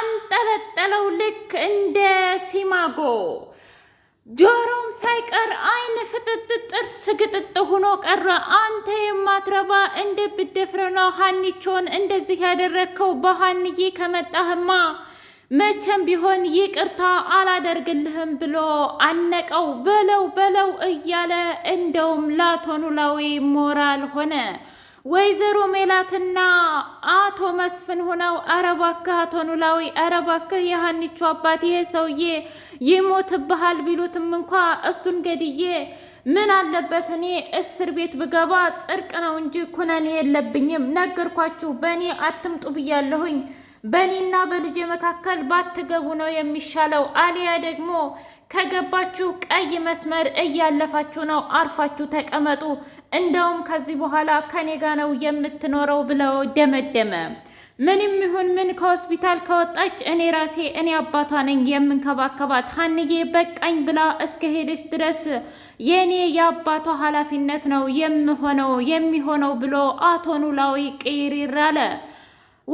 አንጠለጠለው ልክ እንደ ሲማጎ ጆሮም ሳይቀር አይን ፍጥጥ ጥርስ ግጥጥ ሆኖ ቀረ። አንተ የማትረባ እንደ ነው ሀኒቾን እንደዚህ ያደረግከው በሀንዬ ከመጣህማ መቼም ቢሆን ይቅርታ አላደርግልህም ብሎ አነቀው። በለው በለው እያለ እንደውም ላቶኑላዊ ሞራል ሆነ። ወይዘሮ ሜላትና አቶ መስፍን ሆነው ኧረ እባክህ አቶ ኖላዊ ኧረ እባክህ የሀኒቹ አባት ይሄ ሰውዬ ይሞትብሃል ቢሉትም እንኳ እሱን ገድዬ ምን አለበት እኔ እስር ቤት ብገባ ጽድቅ ነው እንጂ ኩነኔ የለብኝም። ነገርኳችሁ፣ በእኔ አትምጡ ብያለሁኝ። በእኔና በልጄ መካከል ባትገቡ ነው የሚሻለው። አሊያ ደግሞ ከገባችሁ ቀይ መስመር እያለፋችሁ ነው። አርፋችሁ ተቀመጡ። እንደውም ከዚህ በኋላ ከኔ ጋ ነው የምትኖረው ብለው ደመደመ። ምንም ይሁን ምን ከሆስፒታል ከወጣች እኔ ራሴ እኔ አባቷ ነኝ የምንከባከባት። ሀንዬ በቃኝ ብላ እስከ ሄደች ድረስ የእኔ የአባቷ ኃላፊነት ነው የምሆነው የሚሆነው ብሎ አቶ ኖላዊ ቅሪር አለ።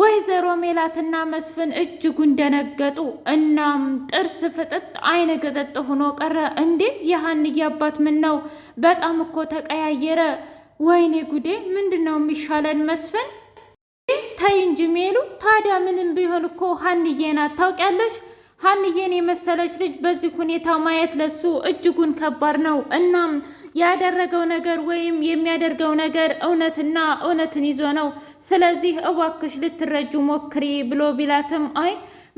ወይዘሮ ሜላትና መስፍን እጅጉን ደነገጡ። እናም ጥርስ ፍጥጥ አይነ ገጠጥ ሆኖ ቀረ። እንዴ የሀንዬ አባት ምን ነው በጣም እኮ ተቀያየረ። ወይኔ ጉዴ! ምንድን ነው የሚሻለን? መስፍን ተይ እንጂ ሜሉ። ታዲያ ምንም ቢሆን እኮ ሀንዬ ናት ታውቂያለሽ። ሀንዬን የመሰለች ልጅ በዚህ ሁኔታ ማየት ለሱ እጅጉን ከባድ ነው። እናም ያደረገው ነገር ወይም የሚያደርገው ነገር እውነትና እውነትን ይዞ ነው። ስለዚህ እባክሽ ልትረጁ ሞክሪ ብሎ ቢላትም አይ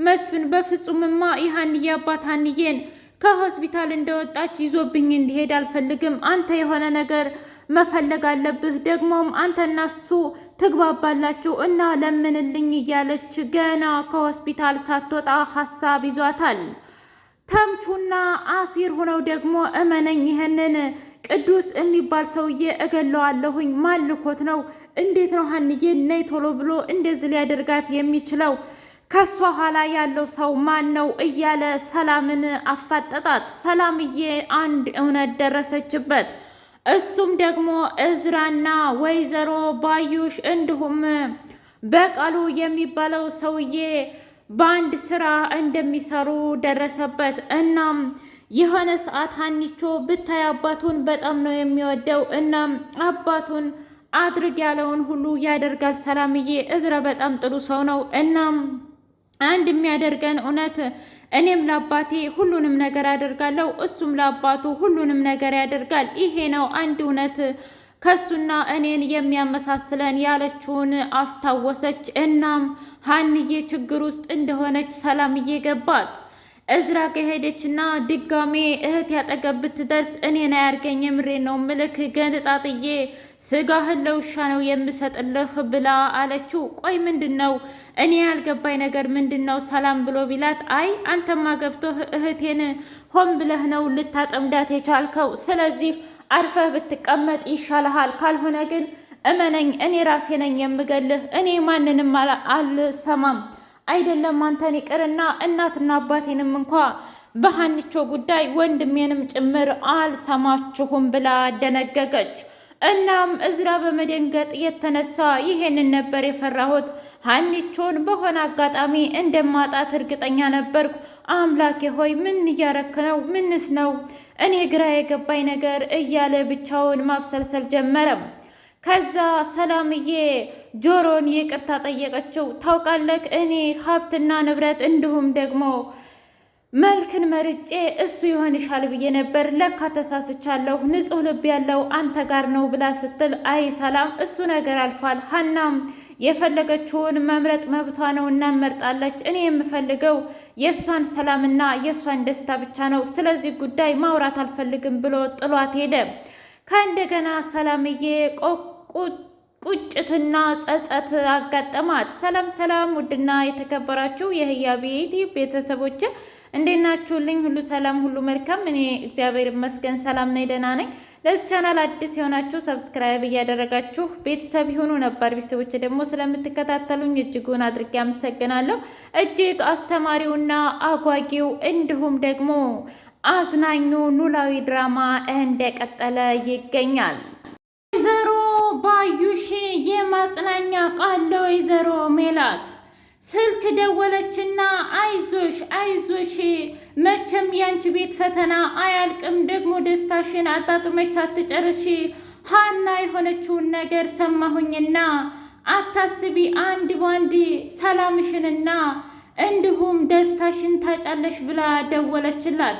መስፍን በፍጹምማ የሀንዬ አባት ሀንዬን ከሆስፒታል እንደወጣች ይዞብኝ እንዲሄድ አልፈልግም። አንተ የሆነ ነገር መፈለግ አለብህ። ደግሞም አንተ እሱ ትግባባላችሁ እና ለምንልኝ እያለች ገና ከሆስፒታል ሳትወጣ ሀሳብ ይዟታል። ተምቹና አሲር ሆነው ደግሞ እመነኝ ይህንን ቅዱስ የሚባል ሰውዬ እገለዋለሁኝ። ማልኮት ነው። እንዴት ነው ሀንዬ ነይ ቶሎ ብሎ እንደዚህ ሊያደርጋት የሚችለው? ከሷ ኋላ ያለው ሰው ማን ነው እያለ ሰላምን አፋጠጣት። ሰላምዬ አንድ እውነት ደረሰችበት። እሱም ደግሞ እዝራና ወይዘሮ ባዩሽ እንዲሁም በቃሉ የሚባለው ሰውዬ በአንድ ስራ እንደሚሰሩ ደረሰበት። እናም የሆነ ሰዓት ሀኒቾ ብታይ አባቱን በጣም ነው የሚወደው። እናም አባቱን አድርግ ያለውን ሁሉ ያደርጋል። ሰላምዬ እዝረ በጣም ጥሩ ሰው ነው። እናም አንድ የሚያደርገን እውነት እኔም ለአባቴ ሁሉንም ነገር አደርጋለሁ፣ እሱም ለአባቱ ሁሉንም ነገር ያደርጋል። ይሄ ነው አንድ እውነት ከሱና እኔን የሚያመሳስለን ያለችውን አስታወሰች። እናም ሀንዬ ችግር ውስጥ እንደሆነች ሰላምዬ ገባት። እዝራ ከሄደች ድጋሜ እህት ያጠገብ ብትደርስ እኔን አያርገኝ። የምሬ ነው ምልክ ገንጣጥዬ ስጋህን ለውሻ ነው የምሰጥልህ ብላ አለችው። ቆይ ምንድን ነው እኔ ያልገባኝ ነገር ምንድን ነው? ሰላም ብሎ ቢላት አይ አንተማ ገብቶህ እህቴን ሆን ብለህ ነው ልታጠምዳት የቻልከው። ስለዚህ አርፈህ ብትቀመጥ ይሻልሃል። ካልሆነ ግን እመነኝ እኔ ራሴ ነኝ የምገልህ። እኔ ማንንም አልሰማም። አይደለም አንተን ይቅርና እናትና አባቴንም እንኳ በሀኒቾ ጉዳይ ወንድሜንም ጭምር አልሰማችሁም ብላ ደነገገች። እናም እዝራ በመደንገጥ የተነሳ ይሄንን ነበር የፈራሁት። ሀኒቾን በሆነ አጋጣሚ እንደማጣት እርግጠኛ ነበርኩ። አምላኬ ሆይ ምን እያረክ ነው? ምንስ ነው? እኔ ግራ የገባኝ ነገር እያለ ብቻውን ማብሰልሰል ጀመረም። ከዛ ሰላምዬ ጆሮን ይቅርታ ጠየቀችው። ታውቃለህ እኔ ሀብትና ንብረት እንዲሁም ደግሞ መልክን መርጬ እሱ ይሆንሻል ብዬ ነበር፣ ለካ ተሳስቻለሁ። ንጹሕ ልብ ያለው አንተ ጋር ነው ብላ ስትል አይ ሰላም፣ እሱ ነገር አልፏል። ሀናም የፈለገችውን መምረጥ መብቷ ነው እናመርጣለች። እኔ የምፈልገው የእሷን ሰላምና የእሷን ደስታ ብቻ ነው። ስለዚህ ጉዳይ ማውራት አልፈልግም ብሎ ጥሏት ሄደ። ከእንደገና ሰላምዬ ቁጭትና ጸጸት አጋጠማት። ሰላም ሰላም! ውድና የተከበራችሁ የህያብ የኢቲ ቤተሰቦች እንዴት ናችሁልኝ? ሁሉ ሰላም፣ ሁሉ መልካም። እኔ እግዚአብሔር ይመስገን ሰላም ነኝ፣ ደህና ነኝ። ለዚህ ቻናል አዲስ የሆናችሁ ሰብስክራይብ እያደረጋችሁ ቤተሰብ ይሆኑ ነባር ቤተሰቦች ደግሞ ስለምትከታተሉኝ እጅጉን አድርጌ አመሰግናለሁ። እጅግ አስተማሪውና አጓጊው እንዲሁም ደግሞ አዝናኙ ኖላዊ ድራማ እንደቀጠለ ይገኛል። ወይዘሮ ባዩሽ የማጽናኛ ቃል ለወይዘሮ ሜላት ስልክ ደወለችና አይዞሽ አይዞሽ መቼም ያንቺ ቤት ፈተና አያልቅም። ደግሞ ደስታሽን አጣጥመሽ ሳትጨርሽ ሀና የሆነችውን ነገር ሰማሁኝና አታስቢ፣ አንድ ባንድ ሰላምሽንና እንዲሁም ደስታሽን ታጫለሽ ብላ ደወለችላት።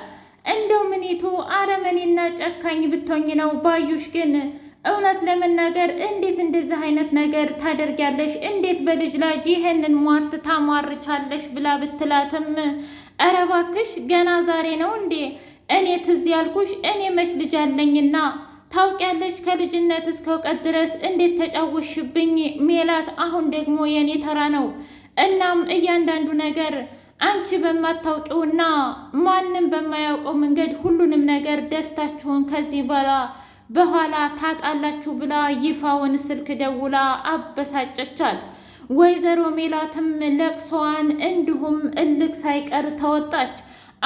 እንደው ምኔቱ አረመኔና ጨካኝ ብትሆኝ ነው? ባዩሽ ግን እውነት ለመናገር እንዴት እንደዚህ አይነት ነገር ታደርጊያለሽ? እንዴት በልጅ ላይ ይህንን ሟርት ታሟርቻለሽ? ብላ ብትላትም አረባክሽ እባክሽ ገና ዛሬ ነው እንዴ እኔ ትዝ ያልኩሽ? እኔ መች ልጅ አለኝና ታውቂያለሽ ከልጅነት እስከ እውቀት ድረስ እንዴት ተጫወሽብኝ ሜላት። አሁን ደግሞ የእኔ ተራ ነው። እናም እያንዳንዱ ነገር አንቺ በማታውቂውና ማንም በማያውቀው መንገድ ሁሉንም ነገር ደስታችሁን ከዚህ በላ በኋላ ታጣላችሁ ብላ ይፋውን ስልክ ደውላ አበሳጨቻት። ወይዘሮ ሜላትም ለቅሶዋን እንዲሁም እልክ ሳይቀር ተወጣች።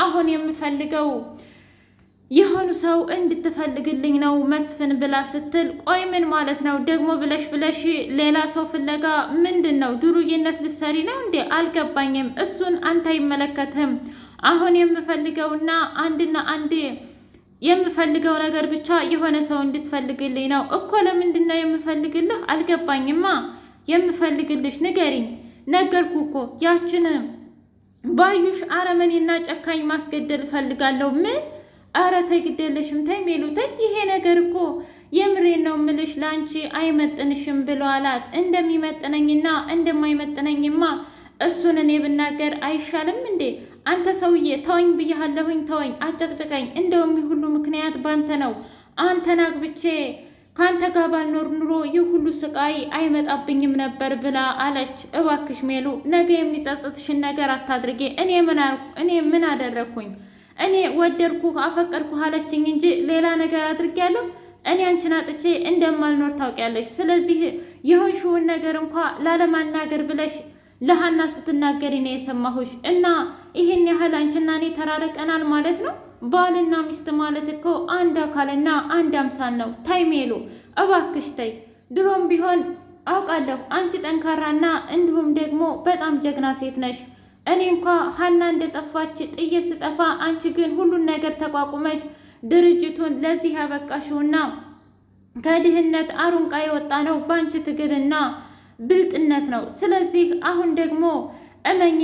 አሁን የምፈልገው የሆኑ ሰው እንድትፈልግልኝ ነው መስፍን ብላ ስትል፣ ቆይ ምን ማለት ነው ደግሞ ብለሽ ብለሽ ሌላ ሰው ፍለጋ ምንድን ነው ዱርዬነት ልትሰሪ ነው እንዴ? አልገባኝም። እሱን አንተ አይመለከትም። አሁን የምፈልገውና አንድና አንድ የምፈልገው ነገር ብቻ የሆነ ሰው እንድትፈልግልኝ ነው እኮ። ለምንድን ነው የምፈልግልህ? አልገባኝማ። የምፈልግልሽ ንገሪኝ። ነገርኩ እኮ ያችን ባዩሽ አረመኔና ጨካኝ ማስገደል እፈልጋለሁ። ምን አረ ተይ ግዴለሽም፣ ተይ ሜሉ ተይ፣ ይሄ ነገር እኮ የምሬን ነው ምልሽ ለአንቺ አይመጥንሽም ብሎ አላት። እንደሚመጥነኝና እንደማይመጥነኝማ እሱን እኔ ብናገር አይሻልም እንዴ? አንተ ሰውዬ ተወኝ ብያሃለሁኝ፣ ተወኝ፣ አጨቅጭቀኝ። እንደውም ሁሉ ምክንያት ባንተ ነው። አንተን አግብቼ ከአንተ ጋር ባልኖር ኑሮ ይህ ሁሉ ስቃይ አይመጣብኝም ነበር ብላ አለች። እባክሽ ሜሉ ነገ የሚጸጽትሽን ነገር አታድርጌ። እኔ ምን አደረግኩኝ? እኔ ወደድኩ አፈቀድኩ አለችኝ እንጂ ሌላ ነገር አድርጌያለሁ። እኔ አንቺን አጥቼ እንደማልኖር ታውቂያለሽ። ስለዚህ የሆንሽውን ነገር እንኳ ላለማናገር ብለሽ ለሀና ስትናገሪ ነው የሰማሁሽ። እና ይህን ያህል አንቺና እኔ ተራርቀናል ማለት ነው። ባልና ሚስት ማለት እኮ አንድ አካልና አንድ አምሳል ነው። ታይ ሜሉ እባክሽ ተይ። ድሮም ቢሆን አውቃለሁ አንቺ ጠንካራና እንዲሁም ደግሞ በጣም ጀግና ሴት ነሽ። እኔ እንኳ ሀና እንደጠፋች ጥዬ ስጠፋ፣ አንቺ ግን ሁሉን ነገር ተቋቁመሽ ድርጅቱን ለዚህ ያበቃሽውና ከድህነት አሩንቃ የወጣ ነው በአንቺ ትግልና ብልጥነት ነው። ስለዚህ አሁን ደግሞ እመኚ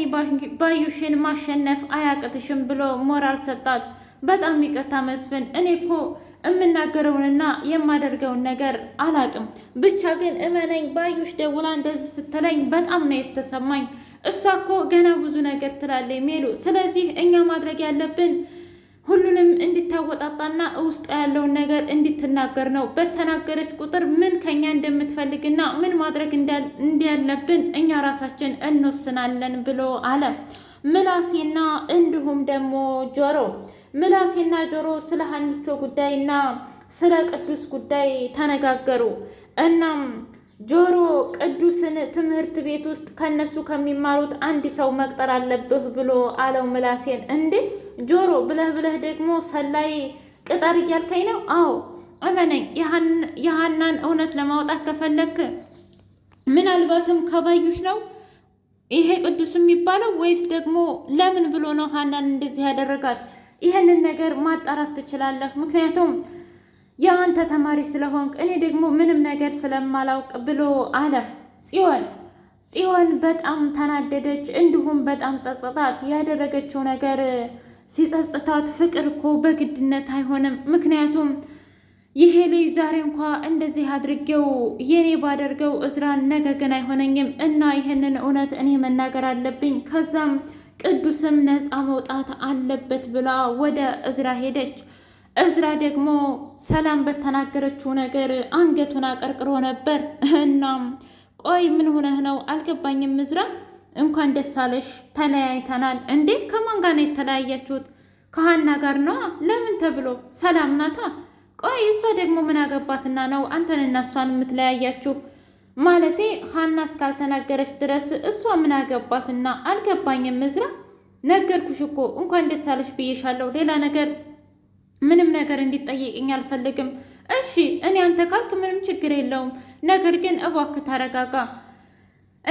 ባዩሽን ማሸነፍ አያቅትሽም ብሎ ሞራል ሰጣት። በጣም ይቅርታ መስፍን፣ እኔ እኮ የምናገረውንና የማደርገውን ነገር አላቅም። ብቻ ግን እመነኝ ባዩሽ ደውላ እንደዚህ ስትለኝ በጣም ነው የተሰማኝ። እሷ እኮ ገና ብዙ ነገር ትላለች ሜሉ። ስለዚህ እኛ ማድረግ ያለብን ሁሉንም እንድታወጣጣና ውስጡ ያለውን ነገር እንድትናገር ነው። በተናገረች ቁጥር ምን ከኛ እንደምትፈልግና ምን ማድረግ እንዳለብን እኛ ራሳችን እንወስናለን ብሎ አለ ምላሴና እንዲሁም ደግሞ ጆሮ ምላሴና ጆሮ ስለ ሀኒቾ ጉዳይና ስለ ቅዱስ ጉዳይ ተነጋገሩ እናም ጆሮ ቅዱስን ትምህርት ቤት ውስጥ ከነሱ ከሚማሩት አንድ ሰው መቅጠር አለብህ ብሎ አለው ምላሴን። እንዴ ጆሮ ብለህ ብለህ ደግሞ ሰላይ ቅጠር እያልከኝ ነው? አዎ እመነኝ፣ የሀናን እውነት ለማውጣት ከፈለክ ምናልባትም ከባዩሽ ነው ይሄ ቅዱስ የሚባለው ወይስ ደግሞ ለምን ብሎ ነው ሀናን እንደዚህ ያደረጋት? ይህንን ነገር ማጣራት ትችላለህ። ምክንያቱም የአንተ ተማሪ ስለሆንክ እኔ ደግሞ ምንም ነገር ስለማላውቅ ብሎ አለ ጽዮን ጽዮን በጣም ተናደደች። እንዲሁም በጣም ጸጸታት። ያደረገችው ነገር ሲጸጽታት ፍቅር እኮ በግድነት አይሆንም። ምክንያቱም ይሄ ልጅ ዛሬ እንኳ እንደዚህ አድርጌው የኔ ባደርገው እዝራን ነገ ግን አይሆነኝም እና ይህንን እውነት እኔ መናገር አለብኝ። ከዛም ቅዱስም ነፃ መውጣት አለበት ብላ ወደ እዝራ ሄደች። እዝራ ደግሞ ሰላም በተናገረችው ነገር አንገቱን አቀርቅሮ ነበር። እናም ቆይ ምን ሆነህ ነው አልገባኝም። እዝራ እንኳን ደስ አለሽ ተለያይተናል። እንዴ ከማን ጋር ነው የተለያያችሁት? ከሀና ጋር ነዋ። ለምን ተብሎ ሰላም ናታ። ቆይ እሷ ደግሞ ምን አገባትና ነው አንተን እና እሷን የምትለያያችሁ? ማለቴ ሀና እስካልተናገረች ድረስ እሷ ምን አገባትና አልገባኝም። እዝራ ነገርኩሽ እኮ እንኳን ደስ አለሽ ብዬሻለሁ። ሌላ ነገር ምንም ነገር እንዲጠይቅኝ አልፈልግም። እሺ እኔ አንተ ካልክ ምንም ችግር የለውም። ነገር ግን እባክህ ተረጋጋ።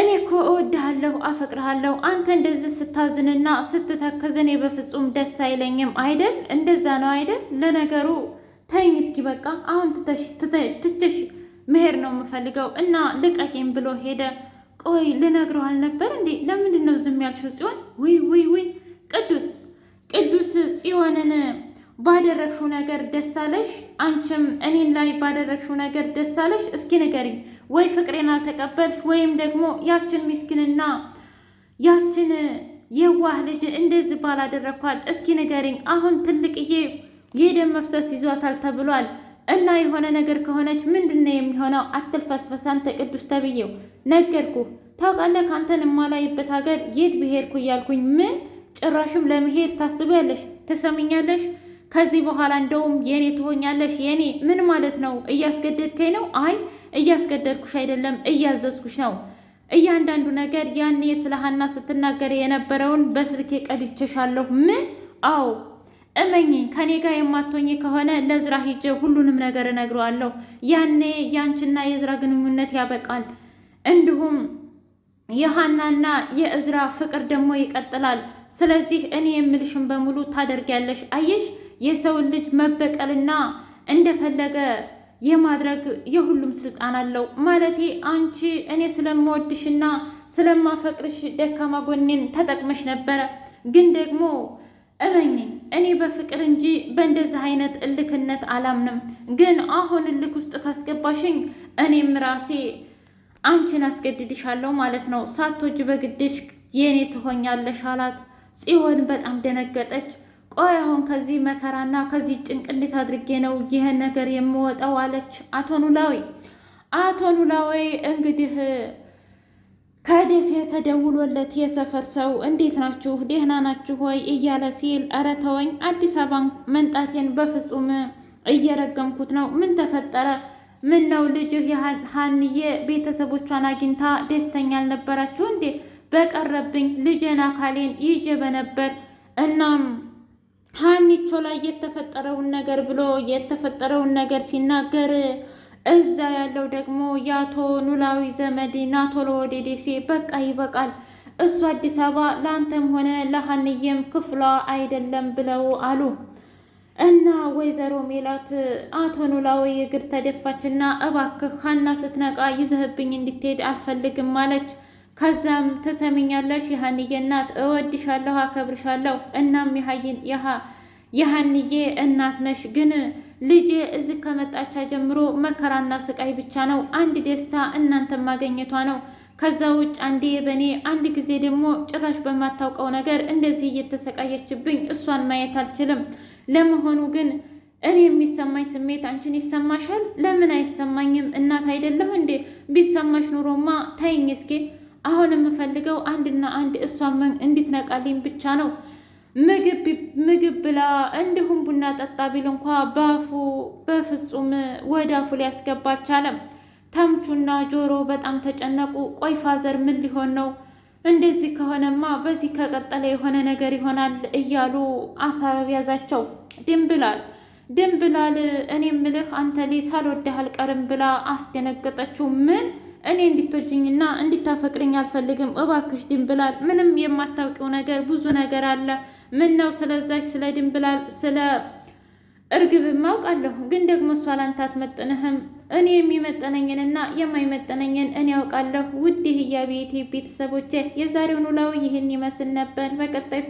እኔ እኮ እወድሃለሁ፣ አፈቅርሃለሁ። አንተ እንደዚህ ስታዝንና ስትተከዝ እኔ በፍጹም ደስ አይለኝም። አይደል? እንደዛ ነው አይደል? ለነገሩ ተኝ እስኪ በቃ አሁን ትችሽ መሄድ ነው የምፈልገው እና ልቀቂም ብሎ ሄደ። ቆይ ልነግረው አልነበር እንዴ? ለምንድን ነው ዝም ያልሽው? ጽዮን ውይ ውይ ውይ! ቅዱስ ቅዱስ ጽዮንን ባደረግሽው ነገር ደስ አለሽ? አንቺም እኔን ላይ ባደረግሽው ነገር ደስ አለሽ? እስኪ ንገሪኝ። ወይ ፍቅሬን አልተቀበልሽ ወይም ደግሞ ያችን ሚስኪንና ያችን የዋህ ልጅ እንደዚህ ባላደረግኳት። እስኪ ንገሪኝ። አሁን ትልቅዬ የደም መፍሰስ ይዟታል ተብሏል እና የሆነ ነገር ከሆነች ምንድን ነው የሚሆነው? አትልፈስፈስ አንተ ቅዱስ ተብዬው ነገርኩ። ታውቃለህ ከአንተን የማላይበት ሀገር የት ብሄድኩ እያልኩኝ ምን ጭራሽም ለመሄድ ታስቢያለሽ? ትሰምኛለሽ? ከዚህ በኋላ እንደውም የኔ ትሆኛለሽ። የኔ ምን ማለት ነው? እያስገደድከኝ ነው? አይ እያስገደድኩሽ አይደለም፣ እያዘዝኩሽ ነው። እያንዳንዱ ነገር ያኔ ስለ ሀና ስትናገር የነበረውን በስልኬ ቀድቼሻለሁ። ምን? አዎ እመኝኝ፣ ከኔ ጋር የማትሆኝ ከሆነ ለዝራ ሂጄ ሁሉንም ነገር እነግረዋለሁ። ያኔ ያንቺና የዝራ ግንኙነት ያበቃል። እንዲሁም የሀናና የእዝራ ፍቅር ደግሞ ይቀጥላል። ስለዚህ እኔ የምልሽን በሙሉ ታደርጊያለሽ። አየሽ የሰውን ልጅ መበቀልና እንደፈለገ የማድረግ የሁሉም ስልጣን አለው። ማለቴ አንቺ እኔ ስለምወድሽና ስለማፈቅርሽ ደካማ ጎኔን ተጠቅመሽ ነበረ። ግን ደግሞ እመኝኝ እኔ በፍቅር እንጂ በእንደዚህ አይነት እልክነት አላምንም። ግን አሁን እልክ ውስጥ ካስገባሽኝ እኔም ራሴ አንቺን አስገድድሻለሁ ማለት ነው። ሳትወጂ በግድሽ የእኔ ትሆኛለሽ አላት። ጽዮን በጣም ደነገጠች። ቆይ አሁን ከዚህ መከራና ከዚህ ጭንቅ እንዴት አድርጌ ነው ይህን ነገር የምወጣው? አለች አቶ ኖላዊ። አቶ ኖላዊ እንግዲህ ከደሴ ተደውሎለት የሰፈር ሰው እንዴት ናችሁ ደህና ናችሁ ወይ እያለ ሲል ኧረ ተወኝ፣ አዲስ አበባ መምጣቴን በፍጹም እየረገምኩት ነው። ምን ተፈጠረ? ምን ነው ልጅህ ሀንዬ ቤተሰቦቿን አግኝታ ደስተኛ አልነበራችሁ እንዴ? በቀረብኝ ልጄን አካሌን ይዤ በነበር እናም ሀኒቾ ላይ የተፈጠረውን ነገር ብሎ የተፈጠረውን ነገር ሲናገር እዛ ያለው ደግሞ የአቶ ኖላዊ ዘመድ ናቶ ለወደ ደሴ በቃ ይበቃል፣ እሱ አዲስ አበባ ለአንተም ሆነ ለሀንዬም ክፍሏ አይደለም ብለው አሉ እና ወይዘሮ ሜላት አቶ ኖላዊ እግር ተደፋችና እባክህ ሀና ስትነቃ ይዘህብኝ እንድትሄድ አልፈልግም አለች። ከዛም ትሰሚኛለሽ የሀንዬ እናት እወድሻለሁ፣ አከብርሻለሁ። እናም የሀንዬ እናት ነሽ ግን ልጄ እዚህ ከመጣቻ ጀምሮ መከራና ስቃይ ብቻ ነው። አንድ ደስታ እናንተ ማገኘቷ ነው። ከዛ ውጭ አንዴ የበኔ አንድ ጊዜ ደግሞ ጭራሽ በማታውቀው ነገር እንደዚህ እየተሰቃየችብኝ እሷን ማየት አልችልም። ለመሆኑ ግን እኔ የሚሰማኝ ስሜት አንቺን ይሰማሻል? ለምን አይሰማኝም? እናት አይደለሁ እንዴ? ቢሰማሽ ኑሮማ ታይኝ እስኬ አሁን የምፈልገው አንድና አንድ እሷም እንድትነቃልኝ ብቻ ነው። ምግብ ብላ እንዲሁም ቡና ጠጣ ቢል እንኳ በአፉ በፍጹም ወደ አፉ ሊያስገባ አልቻለም። ተምቹና ጆሮ በጣም ተጨነቁ። ቆይ ፋዘር ምን ሊሆን ነው? እንደዚህ ከሆነማ በዚህ ከቀጠለ የሆነ ነገር ይሆናል እያሉ አሳብ ያዛቸው። ድም ብላል እኔ ምልህ አንተ ሊ ሳልወድህ አልቀርም ብላ አስደነገጠችው። ምን እኔ እንድትወጂኝና እንድታፈቅርኝ አልፈልግም። እባክሽ ድንብላል፣ ምንም የማታውቂው ነገር ብዙ ነገር አለ። ምን ነው ስለዛች ስለ ድንብላል ስለ እርግብም አውቃለሁ፣ ግን ደግሞ እሷ ላንተ አትመጥንህም። እኔ የሚመጠነኝንና የማይመጠነኝን እኔ አውቃለሁ። ውድ ህያ ቤቴ ቤተሰቦቼ፣ የዛሬውን ኖላዊ ይህን ይመስል ነበር። በቀጣይ